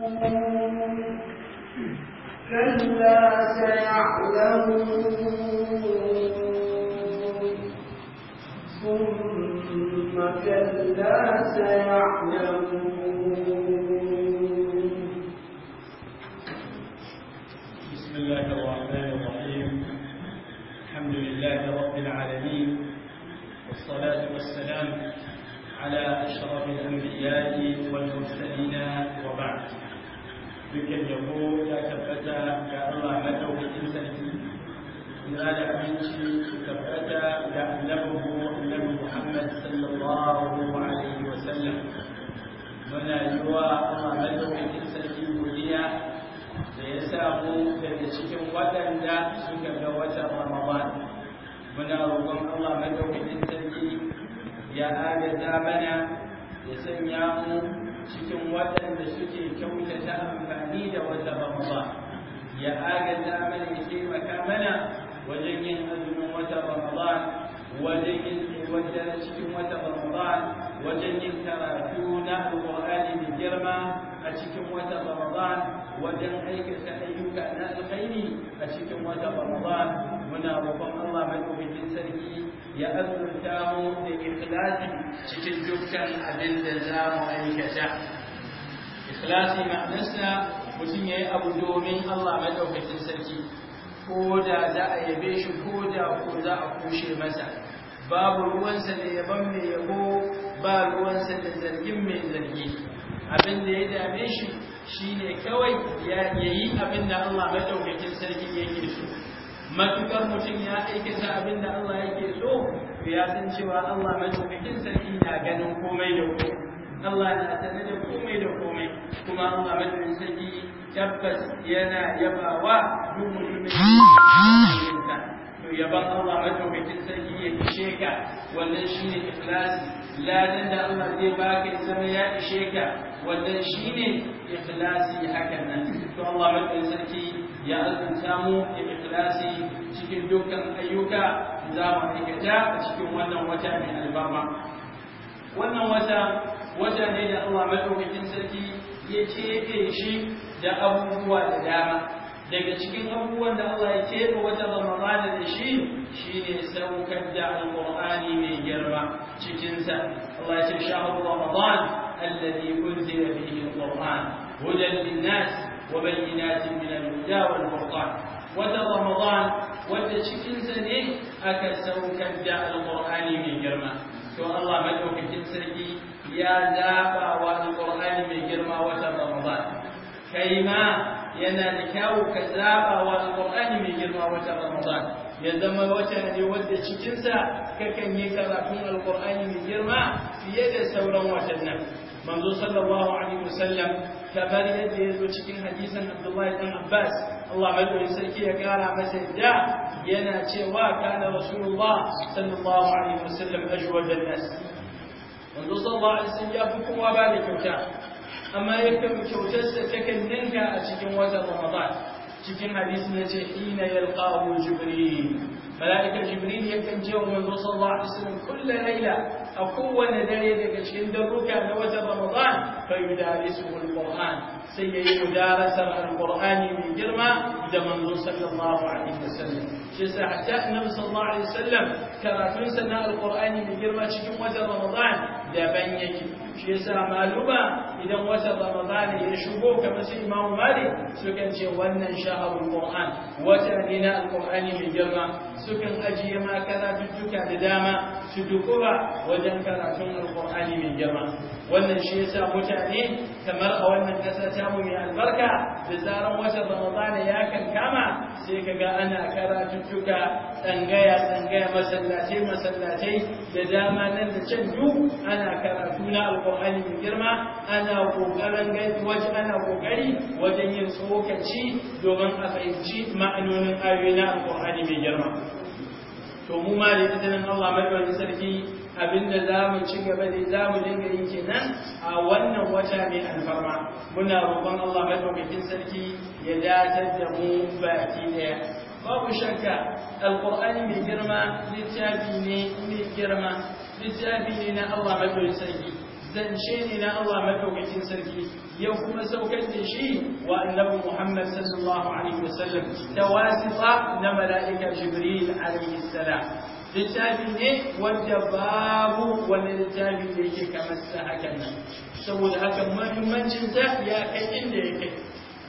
كلا سيعلمون ثم كلا سيعلمون بسم الله الرحمن الرحيم الحمد لله رب العالمين والصلاة والسلام على أشرف الأنبياء والمرسلين وبعد dukkan yabo ya tabbata ga Allah madaukakin sarki ina da aminci tabbata ga annabawa annabi Muhammad sallallahu alaihi wa sallam muna yi wa Allah madaukakin sarki godiya da ya sa samu daga cikin waɗanda suka ga wata Ramadan muna roƙon Allah madaukakin sarki ya agaza mana ya sanya mu cikin waɗanda suke kyautata amfani da wata ramadan ya agaza mana ya taimaka mana wajen yin azumin wata ramadan wajen yin wajen cikin wata ramadan wajen yin karatu na alqur'ani da girma a cikin wata ramadan wajen aikata ayyuka na alkhairi a cikin wata ramadan muna roƙon Allah madaukakin sarki ya azurta mu da ikhlasi cikin dukkan abin da za mu aikata ikhlasi ma'anarsa mutum ya yi abu domin Allah maɗaukakin sarki ko da za a yabe shi ko da ko za a kushe masa babu ruwansa da yaban mai yabo ba ruwansa da zargin mai zargi abin da ya dame shi shine kawai ya yi abin da Allah maɗaukakin sarki yake so matukar mutum ya aikata abin da Allah yake so ya san cewa Allah madaukakin sarki na ganin komai da komai Allah na sanar da komai da komai kuma Allah madaukakin sarki tabbas yana yabawa duk mutumin da to yaban Allah madaukakin sarki ya ishe ka wannan shine ikhlasi ladan da Allah zai baka zama ya ishe ka wannan shine ikhlasi hakan nan to Allah madaukakin sarki ya azanta mu ikhlasi cikin dukkan ayyuka za mu aikata a cikin wannan wata mai albarma wannan wata wata ne da Allah madaukakin sarki ya keɓe shi da abubuwa da dama daga cikin abubuwan da Allah ya keɓe wata ramadana da shi shine saukar da alqur'ani mai girma cikinsa Allah ya ce shahru ramadan الذي أنزل به القرآن هدى للناس وبينات من الهدى والفرقان wata Ramadan wadda cikinsa ne aka saukar da Alƙur'ani mai girma. To Allah maɗaukakin sarki ya zaɓa wa Alƙur'ani mai girma wata Ramadan. Kai ma yana da kyawu ka zaɓa wa Alƙur'ani mai girma wata Ramadan. Ya zama wata ne wadda cikinsa kakan yi karatun Alƙur'ani mai girma fiye da sauran watannin. Manzo sallallahu alaihi wasallam kamar yadda ya zo cikin hadisin Abdullahi ɗan Abbas Allah mai sarki ya gyara masa da yana cewa kana rasulullah sallallahu alaihi wasallam ajwadan nas wanda sallallahu alaihi wasallam ya fi kowa ba da kyauta amma yakan ta kan ninka a cikin watan ramadan cikin hadisi na ce ina yalqahu jibril mala'ikar jibril yakan je wa manzo sallallahu alaihi wasallam kullu laila a kowane dare daga cikin daruka na watan ramadan fa yudarisu alquran sai yayi mudarasar alqurani mai girma da manzo sallallahu alaihi wasallam shi yasa hatta annabi sallallahu alaihi wasallam karatun sana alqurani mai girma cikin watan ramadan daban yake shi yasa maluma idan wata ramadana ya shigo kamar sai imamu malik sukan ce wannan shaharul qur'an wata ne na alqur'ani mai girma sukan ajiye ma karatuttuka da dama su dukura wajen karatun alqur'ani mai girma wannan shi yasa mutane kamar a wannan kasa ta mu mai albarka da zaran wata ramadana ya kankama sai kaga ana karatuttuka tsangaya tsangaya masallatai masallatai da dama nan da can duk ana karatu na alqur'ani alkur'ani mai girma ana kokarin gani waje ana kokari wajen yin tsokaci domin a fahimci ma'anonin ayoyi na alkur'ani mai girma to mu ma da izinin Allah madawacin sarki abinda za mu ci gaba da za mu dinga yin kenan a wannan wata mai alfarma muna roƙon Allah madawacin sarki ya datar da mu baki daya babu shakka alkur'ani mai girma littafi ne mai girma littafi ne na Allah madawacin sarki zance ne na Allah madaukakin sarki yau kuma saukar da shi wa annabi Muhammad sallallahu alaihi wasallam ta wasita na mala'ika Jibril alaihi salam littafi ne wanda babu wani littafi da yake kamar sa hakan nan saboda haka muhimmancin ta ya kai inda ya kai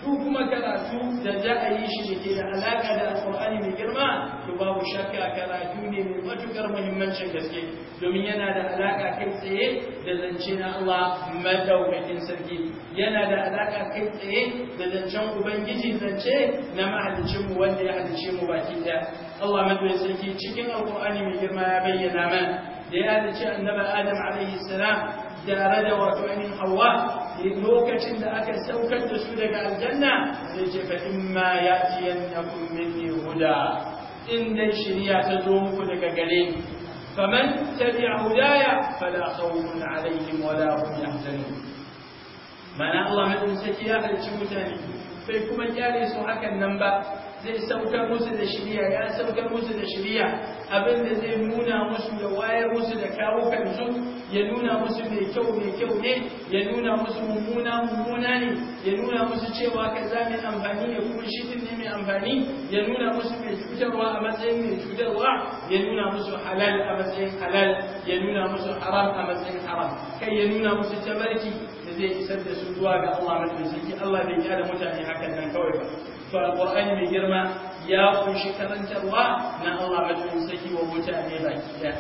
Duk kuma karatu da za a yi shi da ke da alaƙa da alƙur'ani mai girma to babu shakka karatu ne mai matuƙar muhimmancin gaske domin yana da alaƙa kai tsaye da zance na Allah madaukakin sarki yana da alaƙa kai tsaye da zancen ubangiji zance na mahalicin mu wanda ya halice mu baki ɗaya Allah madaukakin sarki cikin alƙur'ani mai girma ya bayyana mana da ya halice annabi Adam alaihi salam tare da wato ainihin Hawwa lokacin da aka saukar da su daga aljanna sai ce fa in ma ya'tiyannakum minni huda in dai shiriya ta zo muku daga gare ni faman tabi'a hudaya fala khawfun wada wala hum yahzanun mana Allah hadin saki ya mutane sai kuma kyale su hakan nan ba zai sauka musu da shirya ya sauka musu da shirya abinda zai nuna musu da wayar musu da kawo kansu ya nuna musu mai kyau mai kyau ne ya nuna musu mummuna mummuna ne ya nuna musu cewa kaza mai amfani ya kuma shi ne mai amfani ya nuna musu mai cutarwa a matsayin mai cutarwa ya nuna musu halal a matsayin halal ya nuna musu haram a matsayin haram kai ya nuna musu tabarki da zai isar da su zuwa ga Allah mai sarki Allah bai kyara mutane hakan nan kawai ba to alqur'ani mai girma ya kunshi karantarwa na Allah madaukakin sarki wa ne baki daya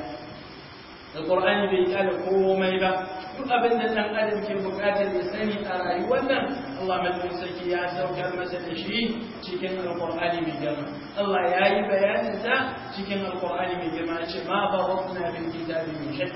alqur'ani bai kyale komai ba duk abin da dan adam ke bukatar ya sani a rayuwar nan Allah madaukakin sarki ya saukar masa da shi cikin alqur'ani mai girma Allah ya yi bayanin sa cikin alqur'ani mai girma ce ma ba barakna bil kitabi min shay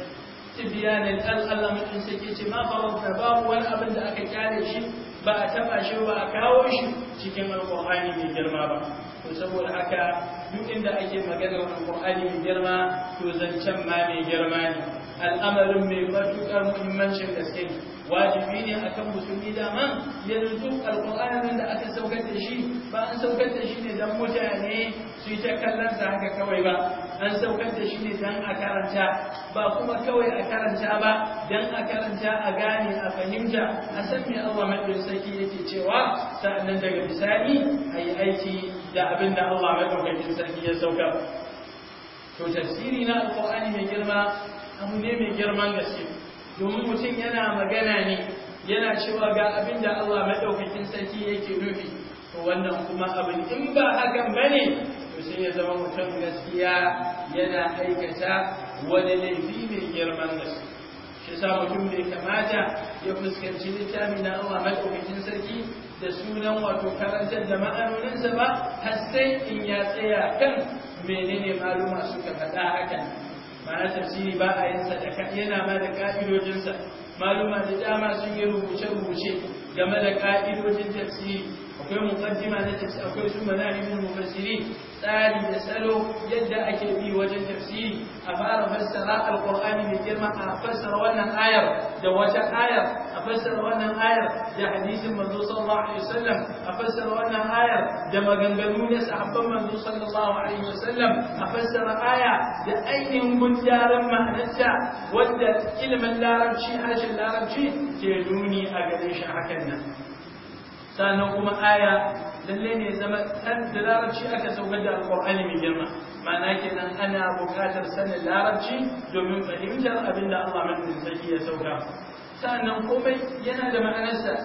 tibyanan al Allah madaukakin saki ce ma barakna babu wani abin da aka kyale shi ba a taba shi ba a kawo shi cikin alƙur'ani mai girma ba to saboda haka duk inda ake maganar alƙur'ani mai girma to zancen ma mai girma ne al'amarin mai matuƙar muhimmancin gaske wajibi ne akan musulmi dama Yanzu duk alƙur'anin da aka saukar da shi ba an saukar da shi ne don mutane su yi ta kallon sa haka kawai ba an saukar da shi ne don a karanta ba kuma kawai a karanta ba don a karanta a gane a fahimta a san me Allah madin sarki yake cewa sa'annan daga misali a yi aiki da abin da Allah madaukakin sarki ya sauka to tafsiri na alƙur'ani mai girma abu ne mai girman gaske domin mutum yana magana ne yana cewa ga abin da Allah maɗaukakin sarki yake nufi to wannan kuma abin in ba hakan ba ne to sai ya zama mutum gaskiya yana aikata wani laifi mai girman gaske shi sa mutum bai kamata ya fuskanci littafi na Allah maɗaukakin sarki da sunan wato karantar da ma'anoninsa ba har sai in ya tsaya kan menene maluma suka faɗa hakan mana tafsiri ba a yin sadaka yana ba da ka'idojinsa maluma da dama sun yi rubuce-rubuce game da ka'idojin tafsiri akwai muqaddima na tafsir akwai su manahijul mufassirin tsari da salo yadda ake bi wajen tafsiri a fara fassara alqur'ani mai girma a fassara wannan ayar da wata ayar a fassara wannan ayar da hadisin manzo sallallahu alaihi wasallam a fassara wannan ayar da maganganu na sahabban manzo sallallahu alaihi wasallam a fassara aya da ainihin gundaran ma'anarta wanda ilimin larabci harshen larabci ke nuni a gare shi hakan nan sannan kuma aya lalle ne zama kan da larabci aka saukar da alƙur'ani mai girma ma'ana kenan ana buƙatar sanin larabci domin fahimtar abin da Allah mai sarki ya sauka sannan komai yana da ma'anarsa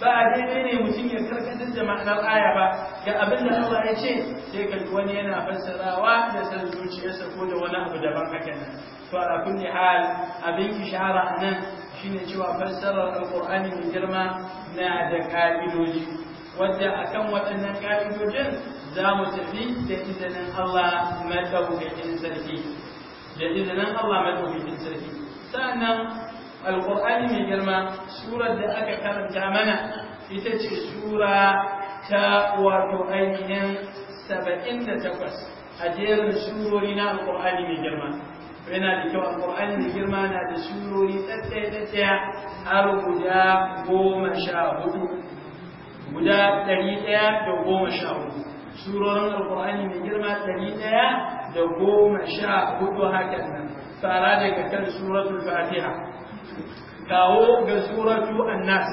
ba a daidai ne mutum ya karkatar da ma'anar aya ba ga abin da Allah ya ce sai ka wani yana fassarawa da san zuciyarsa ko da wani abu daban haka nan to a kulli hal abin ishara nan shine cewa fassarar alƙur'ani mai girma na da ka'idoji wadda akan waɗannan ka'idojin za mu tafi da izinin Allah madaukakin sarki da izinin Allah madaukakin sarki sa'annan alƙur'ani mai girma surar da aka karanta mana ita ce sura ta wato ainihin takwas a jerin surori na alƙur'ani mai girma yana da kyau alƙur'ani da girma na da surori tsatsaya-tsatsaya har guda goma sha hudu guda ɗari ɗaya da goma sha hudu surorin alƙur'ani mai girma ɗari ɗaya da goma sha hudu hakan nan fara daga kan suratul fatiha kawo ga suratu annas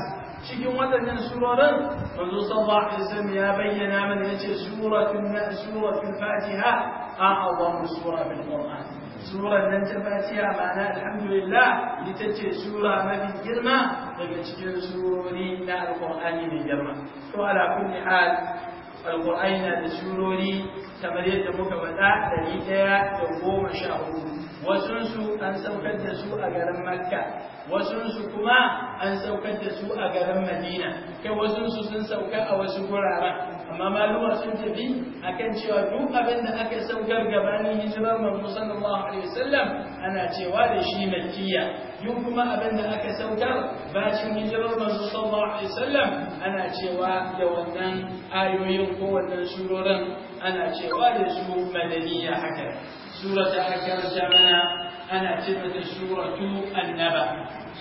cikin waɗannan surorin manzo sallallahu alaihi wasallam ya bayyana mana yace suratul suratul fatiha a awamu sura bil qur'an surar nan ta fatiha ma'ana alhamdulillah ita ce sura mafi girma daga cikin surori na alƙur'ani mai girma to ala kulli hal alƙur'ani na da surori kamar yadda muka faɗa ɗari ɗaya da goma sha hudu wasunsu an saukar da su a garin makka wasunsu kuma an saukar da su a garin madina kai wasunsu sun sauka a wasu guraren amma maluma sun tafi kan cewa duk abin da aka saukar gabanin hijirar manzo sallallahu alaihi wasallam ana cewa da shi makkiya duk kuma abin da aka saukar bacin hijirar manzo sallallahu alaihi wasallam ana cewa da wannan ayoyin ko wannan surorin ana cewa da su madaniya haka surata akar jamana ana cewa da suratu annaba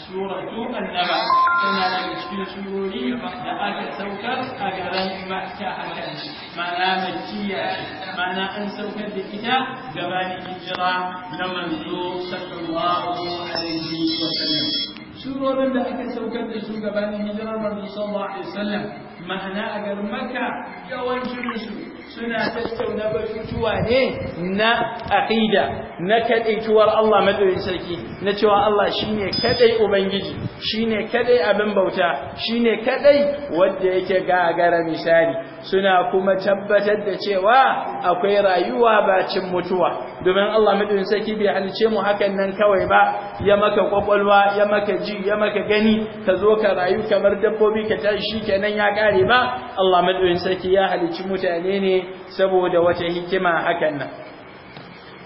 suratu annaba tana daga cikin surori da aka saukar a garin makka haka mana makkiya mana an saukar da ita gabanin hijira na manzo sallallahu alaihi wa sallam surorin da aka saukar da su gabanin hijirar manzo sallallahu alaihi wa sallam ma'ana a garin maka su suna tattauna batutuwa ne na aqida na tuwar Allah madaukakin sarki na cewa Allah shine kaɗai ubangiji shine kaɗai abin bauta shine kaɗai wanda yake gagara misali suna kuma tabbatar da cewa akwai rayuwa bacin mutuwa domin Allah madaukakin sarki bai halice mu hakan nan kawai ba ya maka kwakwalwa ya maka ji ya maka gani ka zo ka rayu kamar dabbobi ka tashi kenan ya tsari ba Allah madoyin sarki ya halicci mutane ne saboda wata hikima hakan nan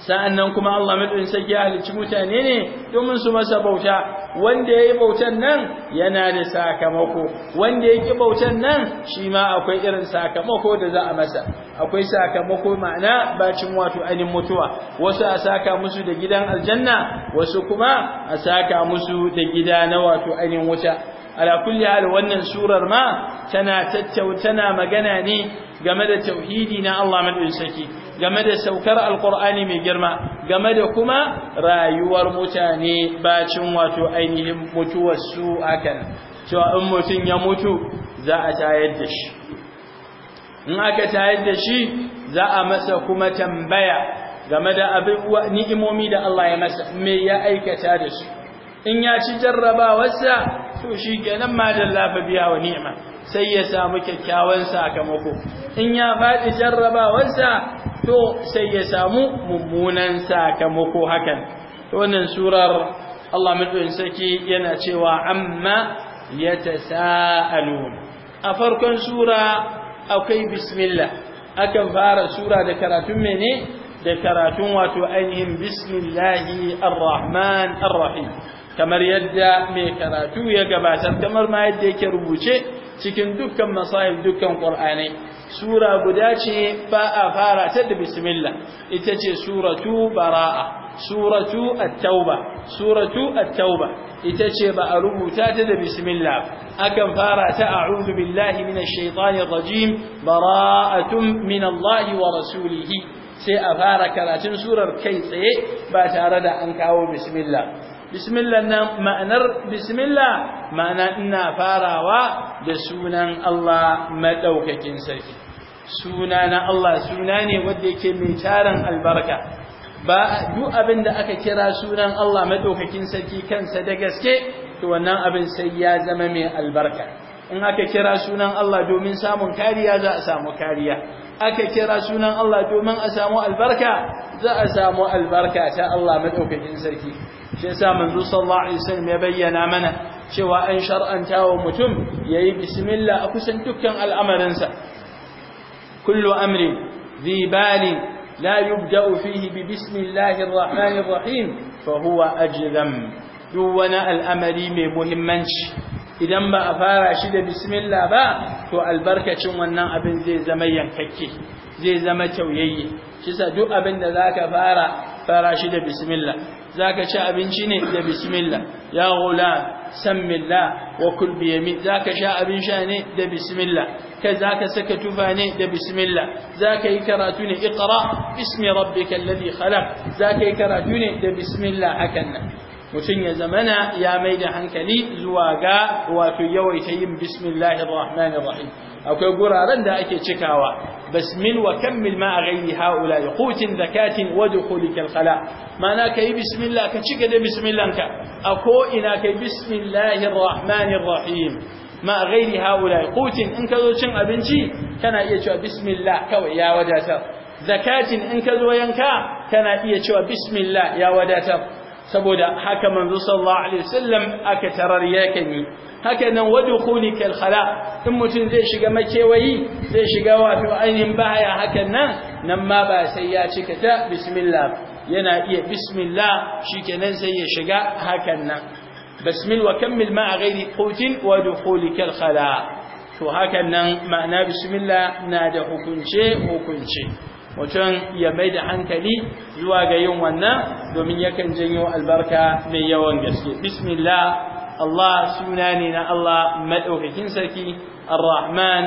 sa'annan kuma Allah madoyin sarki ya halicci mutane ne domin su masa bauta wanda yayi bautan nan yana da sakamako wanda ya ƙi bautan nan shi ma akwai irin sakamako da za a masa akwai sakamako ma'ana bacin wato ainihin mutuwa wasu a saka musu da gidan aljanna wasu kuma a saka musu da gida na wato ainihin wuta ala kulli hal wannan surar ma tana tattautana magana ne game da tauhidi na Allah madaukakin saki, game da saukar alqur'ani mai girma game da kuma rayuwar mutane bacin wato ainihin mutuwar su akan cewa in mutum ya mutu za a tayar da shi in aka tayar da shi za a masa kuma tambaya game da ni'imomi da Allah ya masa me ya aikata da su in ya ci jarrabawarsa to shi kenan madalla fa biya wa ni'ima sai ya samu kyakkyawan sakamako in ya faɗi jarrabawarsa to sai ya samu mummunan sakamako hakan to wannan surar Allah mutum saki yana cewa amma yatasaalun a farkon sura akwai bismillah akan fara sura da karatun mene da karatun wato ainihin bismillahi arrahman arrahim kamar yadda mai karatu ya gabatar kamar ma yadda yake rubuce cikin dukkan masahib dukkan qur'ani sura guda ce ba a fara ta da bismillah ita ce suratu bara'a suratu at-tauba suratu at-tauba ita ce ba a rubuta ta da bismillah akan fara ta a'udhu billahi minash shaitanir rajim bara'atun minallahi wa rasulihi sai a fara karatun surar kai tsaye ba tare da an kawo bismillah bismillah nan ma'anar bismillah ma'ana ina farawa da sunan Allah madaukakin sarki suna na Allah suna ne wanda yake mai tarin albarka ba duk abin da aka kira sunan Allah madaukakin sarki kansa da gaske to wannan abin sai ya zama mai albarka in aka kira sunan Allah domin samun kariya za a samu kariya aka kira sunan Allah domin a samu albarka za a samu albarka ta Allah madaukakin sarki shi yasa manzo sallallahu alaihi wasallam ya bayyana mana cewa an shar'anta wa mutum yayi bismillah a kusan dukkan al'amarinsa kullu amrin dhi bali la yubda'u fihi bi bismillahir rahmanir rahim fa huwa ajzam duk wani al'amari mai muhimmanci idan ba a fara shi da bismillah ba to albarkacin wannan abin zai zama yankakke zai zama kyauyayye shi sa duk abin da zaka fara fara shi da bismillah zaka ci abinci ne da bismillah ya gula sammillah wa kul bi yamin zaka sha abin sha ne da bismillah kai zaka saka tufa ne da bismillah zaka yi karatu ne iqra bismi rabbikal ladhi khalaq zaka yi karatu ne da bismillah hakan mutum ya zamana ya mai da hankali zuwa ga wato yawaita yin bismillahir rahmanir rahim akwai guraren da ake cikawa basmil wa kammil ma ghairi haula qutin zakatin wa dukhulikal khala mana kai bismillah ka cika da bismillanka a ko ina kai bismillahir rahmanir rahim ma ghairi haula qutin in ka zo cin abinci kana iya cewa bismillah kawai ya wadatar zakatin in ka zo yanka kana iya cewa bismillah ya wadatar saboda haka manzo sallallahu alaihi wasallam aka tarar yakan yi haka nan wadkhuli kal khala in mutun zai shiga makewayi zai shiga wato ainihin baya hakan nan nan ma ba sai ya cika ta bismillah yana iya bismillah shikenan sai ya shiga hakan nan bismil wa kammil ma ghairi qutin wa kal khala to hakan nan ma'ana bismillah na da hukunce hukunce mutum ya mai da hankali zuwa ga yin wannan domin yakan janyo albarka mai yawan gaske bismillah Allah suna ne na Allah maɗaukakin sarki Ar-Rahman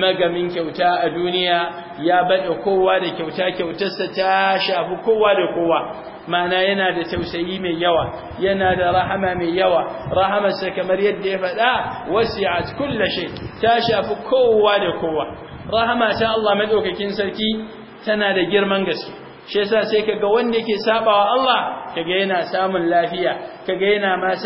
magamin kyauta a duniya ya baɗa kowa da kyauta kyautarsa ta shafi kowa da kowa ma'ana yana da tausayi mai yawa yana da rahama mai yawa rahamarsa kamar yadda ya faɗa wasi'at kulli shay ta shafi kowa da kowa rahama ta Allah maɗaukakin sarki tana da girman gaske shi yasa sai kaga wanda yake sabawa Allah kaga yana samun lafiya kaga yana ma